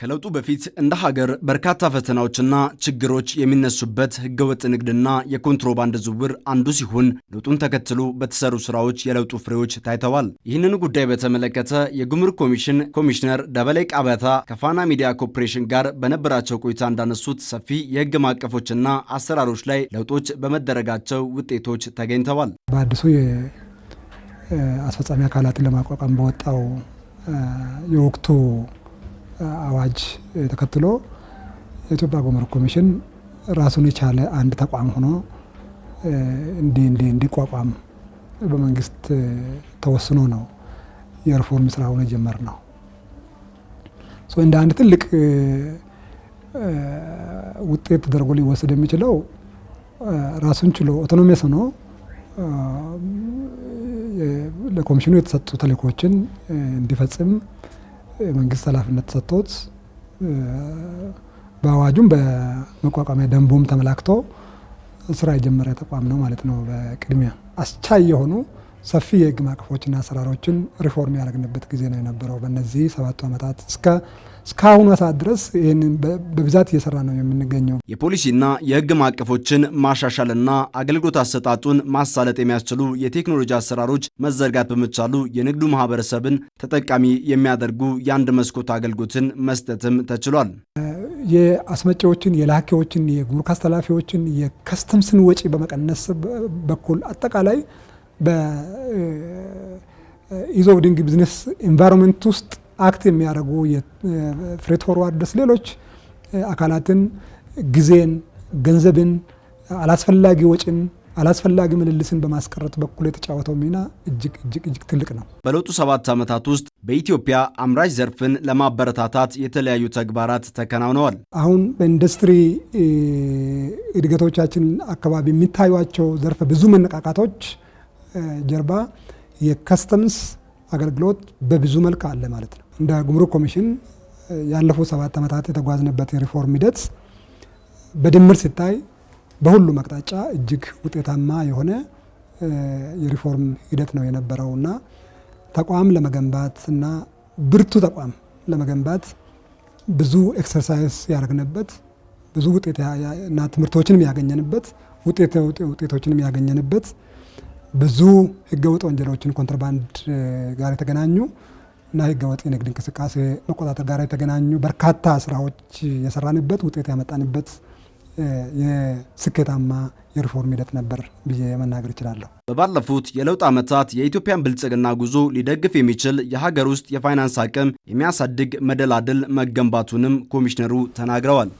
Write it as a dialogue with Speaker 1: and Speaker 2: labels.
Speaker 1: ከለውጡ በፊት እንደ ሀገር በርካታ ፈተናዎችና ችግሮች የሚነሱበት ህገወጥ ንግድና የኮንትሮባንድ ዝውውር አንዱ ሲሆን ለውጡን ተከትሎ በተሰሩ ስራዎች የለውጡ ፍሬዎች ታይተዋል። ይህንን ጉዳይ በተመለከተ የጉምሩክ ኮሚሽን ኮሚሽነር ደበላይ ቃበታ ከፋና ሚዲያ ኮርፖሬሽን ጋር በነበራቸው ቆይታ እንዳነሱት ሰፊ የህግ ማዕቀፎችና አሰራሮች ላይ ለውጦች በመደረጋቸው ውጤቶች ተገኝተዋል።
Speaker 2: በአዲሱ የአስፈጻሚ አካላትን ለማቋቋም በወጣው የወቅቱ አዋጅ ተከትሎ የኢትዮጵያ ጉምሩክ ኮሚሽን ራሱን የቻለ አንድ ተቋም ሆኖ እንዲ እንዲ እንዲቋቋም በመንግስት ተወስኖ ነው የሪፎርም ስራውን ነው። እንደ አንድ ትልቅ ውጤት ተደርጎ ሊወሰድ የሚችለው ራሱን ችሎ ኦቶኖሚስ ሆኖ ለኮሚሽኑ የተሰጡ ተልእኮችን እንዲፈጽም መንግስት ኃላፊነት ተሰጥቶት በአዋጁም በመቋቋሚያ ደንቡም ተመላክቶ ስራ የጀመረ ተቋም ነው ማለት ነው። በቅድሚያ አስቻይ የሆኑ ሰፊ የህግ ማዕቀፎችና አሰራሮችን ሪፎርም ያደረግንበት ጊዜ ነው የነበረው። በነዚህ ሰባቱ ዓመታት እስካሁኑ ሰዓት ድረስ ይህንን በብዛት እየሰራ ነው የምንገኘው።
Speaker 1: የፖሊሲና የህግ ማቀፎችን ማሻሻልና አገልግሎት አሰጣጡን ማሳለጥ የሚያስችሉ የቴክኖሎጂ አሰራሮች መዘርጋት በመቻሉ የንግዱ ማህበረሰብን ተጠቃሚ የሚያደርጉ የአንድ መስኮት አገልግሎትን መስጠትም ተችሏል።
Speaker 2: የአስመጪዎችን፣ የላኪዎችን፣ የጉምሩክ አስተላፊዎችን የከስተምስን ወጪ በመቀነስ በኩል አጠቃላይ በኢዞ ኦፍ ቢዝነስ ኢንቫይሮንመንት ውስጥ አክት የሚያደርጉ የፍሬት ፎርዋርደስ ሌሎች አካላትን ጊዜን፣ ገንዘብን፣ አላስፈላጊ ወጪን አላስፈላጊ ምልልስን በማስቀረት በኩል የተጫወተው ሚና እጅግ እጅግ እጅግ ትልቅ ነው።
Speaker 1: በለውጡ ሰባት ዓመታት ውስጥ በኢትዮጵያ አምራች ዘርፍን ለማበረታታት የተለያዩ ተግባራት ተከናውነዋል።
Speaker 2: አሁን በኢንዱስትሪ እድገቶቻችን አካባቢ የሚታዩቸው ዘርፈ ብዙ መነቃቃቶች ጀርባ የከስተምስ አገልግሎት በብዙ መልክ አለ ማለት ነው። እንደ ጉምሩክ ኮሚሽን ያለፉ ሰባት ዓመታት የተጓዝንበት የሪፎርም ሂደት በድምር ሲታይ በሁሉም አቅጣጫ እጅግ ውጤታማ የሆነ የሪፎርም ሂደት ነው የነበረው እና ተቋም ለመገንባት እና ብርቱ ተቋም ለመገንባት ብዙ ኤክሰርሳይዝ ያደረግንበት ብዙ ውጤት እና ትምህርቶችንም ያገኘንበት ውጤቶችንም ያገኘንበት ብዙ ህገወጥ ወንጀሎችን ኮንትሮባንድ ጋር የተገናኙ እና ህገወጥ የንግድ እንቅስቃሴ መቆጣጠር ጋር የተገናኙ በርካታ ስራዎች የሰራንበት ውጤት ያመጣንበት የስኬታማ የሪፎርም ሂደት ነበር ብዬ መናገር እችላለሁ።
Speaker 1: በባለፉት የለውጥ ዓመታት የኢትዮጵያን ብልጽግና ጉዞ ሊደግፍ የሚችል የሀገር ውስጥ የፋይናንስ አቅም የሚያሳድግ መደላድል መገንባቱንም ኮሚሽነሩ ተናግረዋል።